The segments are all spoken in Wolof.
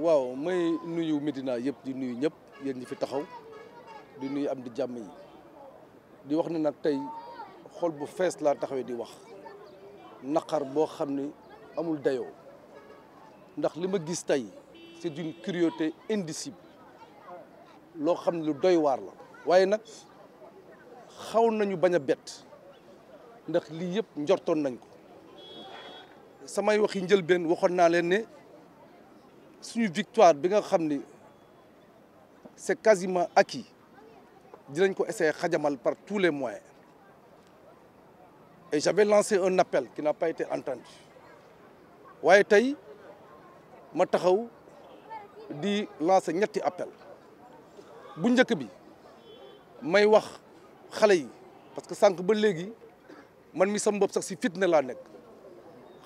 waaw may nuyu Medina yëpp di nuyu ñëpp yéen ñi fi taxaw di nuyu am di jàmm yi di wax ne nag tey xol bu fees laa taxawee di wax naqar boo xam ne amul dayoo ndax li ma gis tey c'est d'une cruauté indicible loo xam ni lu doy waar la waaye nag xaw nañu bañ a bett ndax li yëpp njortoon nañ ko samay waxi njëlbeen waxoon naa leen ne suñu victoire bi nga xam ni c'est quasiment acquis dinañ ko essayer xajamal par tous les moyens et j'avais lancé un appel qui n'a pas été entendu waaye tey ma taxaw di lancer ñetti appel bu njëkk bi may wax xale yi parce que sànq ba léegi man mi sama bopp sax ci fitna la nek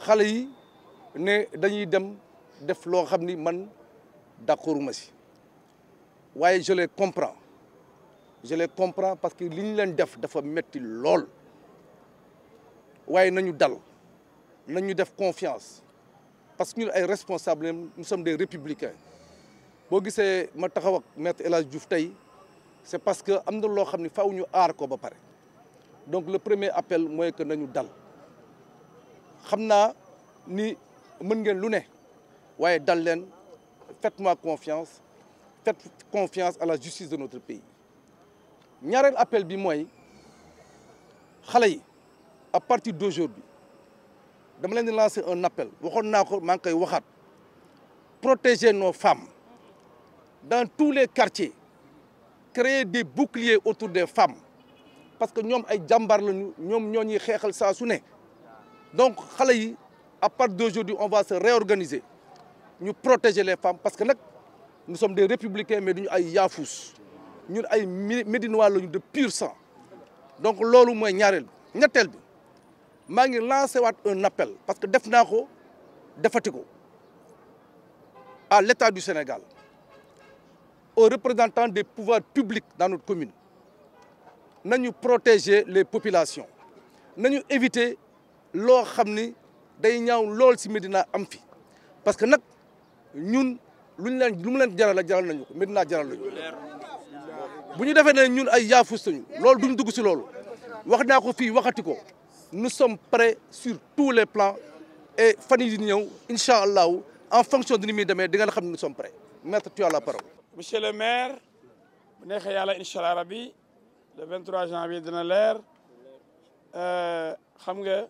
xalé yi ne dañuy dem def lo xamni man d'accorduma si waye je les comprends je les comprends parce que liñ leen def dafa metti lol waye nañu dal nañu def confiance parce que ñu ay responsables nous sommes des républicains bo gisee ma taxaw ak maître El Diouf tay c'est parce que amna lo xamni xam ne faaw ñu aar ko ba pare donc le premier appel est que nous dal xam ni mën ngeen lu faites-moi confiance faites confiance à la justice de notre pays ñaareel appel bi mooy à partir d'aujourd'hui je vais lancer un appel je vais ko protéger nos femmes dans tous les quartiers créer des boucliers autour des femmes parce que nous sommes des lañu nous, sommes ñuy xeexal su donc à partir d'aujourd'hui on va se réorganiser Nous protéger les femmes parce que nous sommes des républicains mais des Yafous, Nous sommes des médinois de pur sang donc c'est ce que bi ñetteel bi je ngi lancé un appel parce que nous naa à l'État du Sénégal aux représentants des pouvoirs publics dans notre commune nous protéger les populations nous éviter lo xamni day ñaaw lool ci medina am fi parce que n'ak ñun luñ leen lu mu leen jaral la jaral nañu medina jaral lu buñu défé né ñun ay yaafus suñu lool duñ dugg ci lool wax na ko fi waxati ko nous sommes prêts sur tous les plans et fani di ñew inshallah en fonction de ni mi demee di nga xamni nous sommes prêts maître tu as la parole. monsieur le maire bu neexee inshallah incha rabbi le 23 janvier dina leer euh, xam nga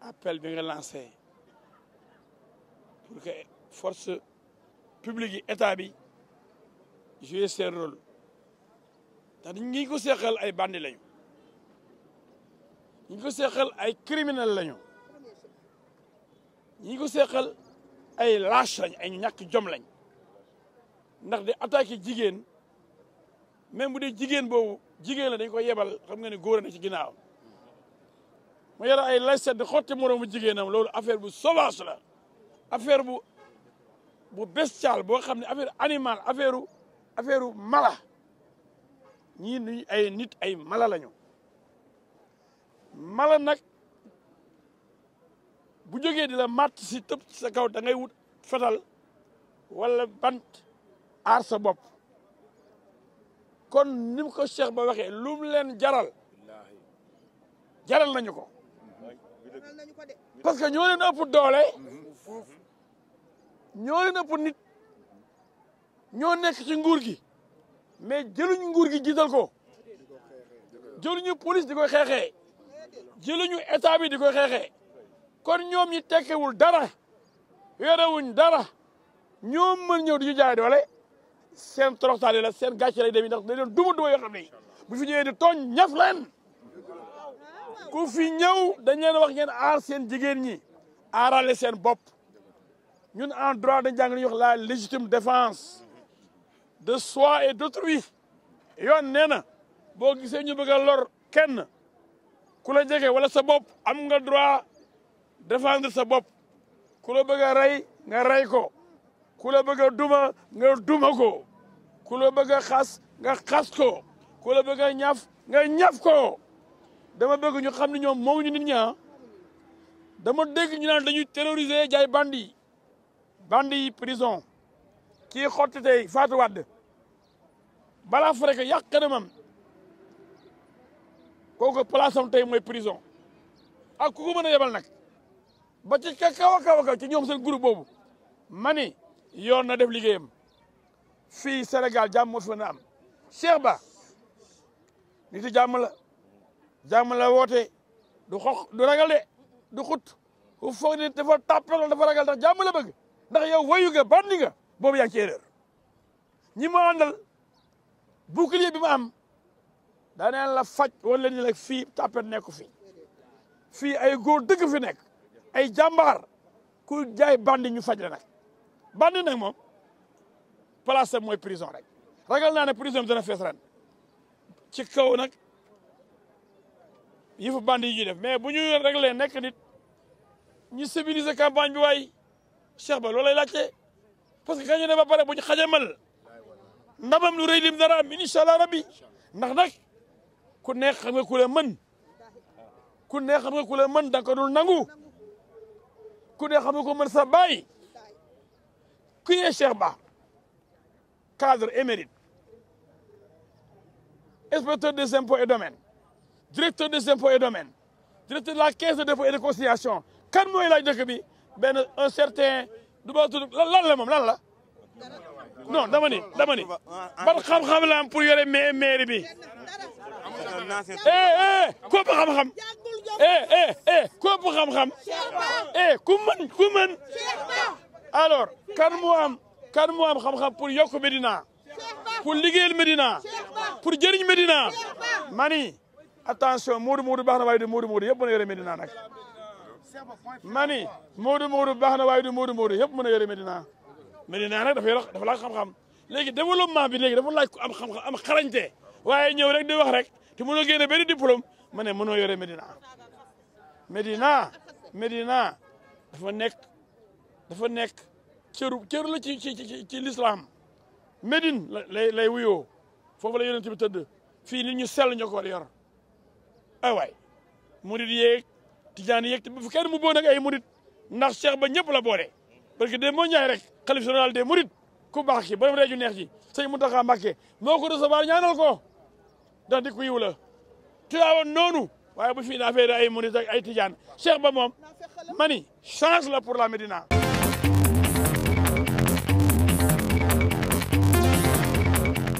appel bi lancé pour que force publique bi rôle ñi ko ay bandi lañu ñi ko criminel lañu ko ay lâche lañ ay jom ndax de attaqué jigéen même bu dee jigéen boobu jigéen la dañ ko yebal xam nga ne góor na ci ginnaaw mu yore ay layset di xotti moroomu jigéenam loolu affaire bu sauvage la affaire bu bu bestial boo xam ne affaire animal affaire affaire mala ñii nuñ ay nit ay mala lañu mala nag bu jógee di la màtt si tëb sa kaw da wut fetal wala bant aar sa bopp kon ni ko Cheikh ba waxee lu mu leen jaral jaral nañu ko parce que ñoo leen ëpp doole ñoo leen ëpp nit ñoo nekk ci nguur gi mais jëluñu nguur gi jiital ko jëluñu police di koy xeexee jëluñu état di koy xeexee kon ñoom ñi tekkewul dara yorewuñ dara ñoom mën ñëw di ñu doole seen toroxtaane la seen gàcce lay demee ndax dañ doon duma duma yoo xam bu fi ñëwee di tooñ ñaf leen ku fi ñëw dañ leen wax ngeen aar seen jigéen ñi aarale seen bopp ñun en droit dañ jàng nañu wax la légitime défense de soi et d'autrui yoon nee na boo gisee ñu bëgg a lor kenn ku la jege wala sa bopp am nga droit défendre sa bopp ku la bëgg a ray nga rey ko ku la bëgg a duma nga duma ko ku la xas nga xas ko ku la bëgg ñaf nga ñaf ko dama bëgg ñu xam ne ñoom moomuñu nit ñaa ah. dama dégg ñu naan dañuy terroriser jaay bandi yi bandi yi prison kii xotti tey Fatou Wade balaa farek yàq kanamam kooku place am tey mooy prison ak ku ko mën nag ba ci ka kaw a kaw ci ñoom seen groupe boobu mani yoon na def liggéeyam fii senegal jàmm moo fi am Cheikh Ba nit yi la jàmm la woote du xox du ragal de du xut ku foog ni dafa tàppal dafa ragal ndax jàmm la bëgg ndax yow wayu nga bandi nga boobu yaa ngi ci erreur ñi ma àndal bouclier bi am daaneen la faj wala leen ni la fii tàppet nekku fi fii ay góor dëgg fi nekk ay jàmbaar ku jaay bandi ñu faj la nag bandi nag moom place am prison rek ragal Vous ne prison dana Vous ren ci kaw nak yëfu bandi yi def mais buñu nit campagne bi Cheikh Ba parce que gañu ne ba paré buñu xajamal ndabam lu dara ndax ku neex xam nga mën ku neex xam nga ku mën da ko dul nangu ku neex xam nga ko mën sa cadre émérite, inspecteur des impôts et domaines, directeur des impôts et domaines, directeur de la caisse de dépôt et de conciliation. quand moi, laaj dëkk bi ben un certain Là là là lan la lan la non dama ni dama ni ban xam-xam la pour yoré ma bi eh eh képp xam-xam eh eh eh pour xam-xam eh ku mën ku mën alors kan moo am kan moo am xam-xam pour yokk Medina pour liggéeyal Medina pour jëriñ Medina mani attention Moodu Moodu baax na waaye du Moodu Moodu yëpp mën a yore Medina nag mani Moodu baax na waaye du Moodu Moodu yëpp mën a yore Medina Medina nag dafa dafa laaj xam-xam léegi développement bi léegi dafa laaj ko am xam-xam am xarañte waaye ñëw rek di wax rek te mënoo génne benn diplôme ma ne mënoo yore Medina Medina Medina dafa nekk dafa nekk cëru cër la ci ci ci ci lislaam Médine lay lay wuyoo foofu la yonent bi tëdd fii nit ñu sell ñoo ko war yor ay waay murit yeeg tijaan yeeg te bu mu boon ak ay murit ndax cheikh ba ñëpp la boole parce que de moo ñaay rek xalif général des murit ku baax ki borom reeju neex ji sëñ Mountakha Mbacké moo ko recevoir ñaanal ko ndax di ku yiw la noonu waaye bu fii na affaire ay murit ay tijaan cheikh ba moom mani chance la pour la Médina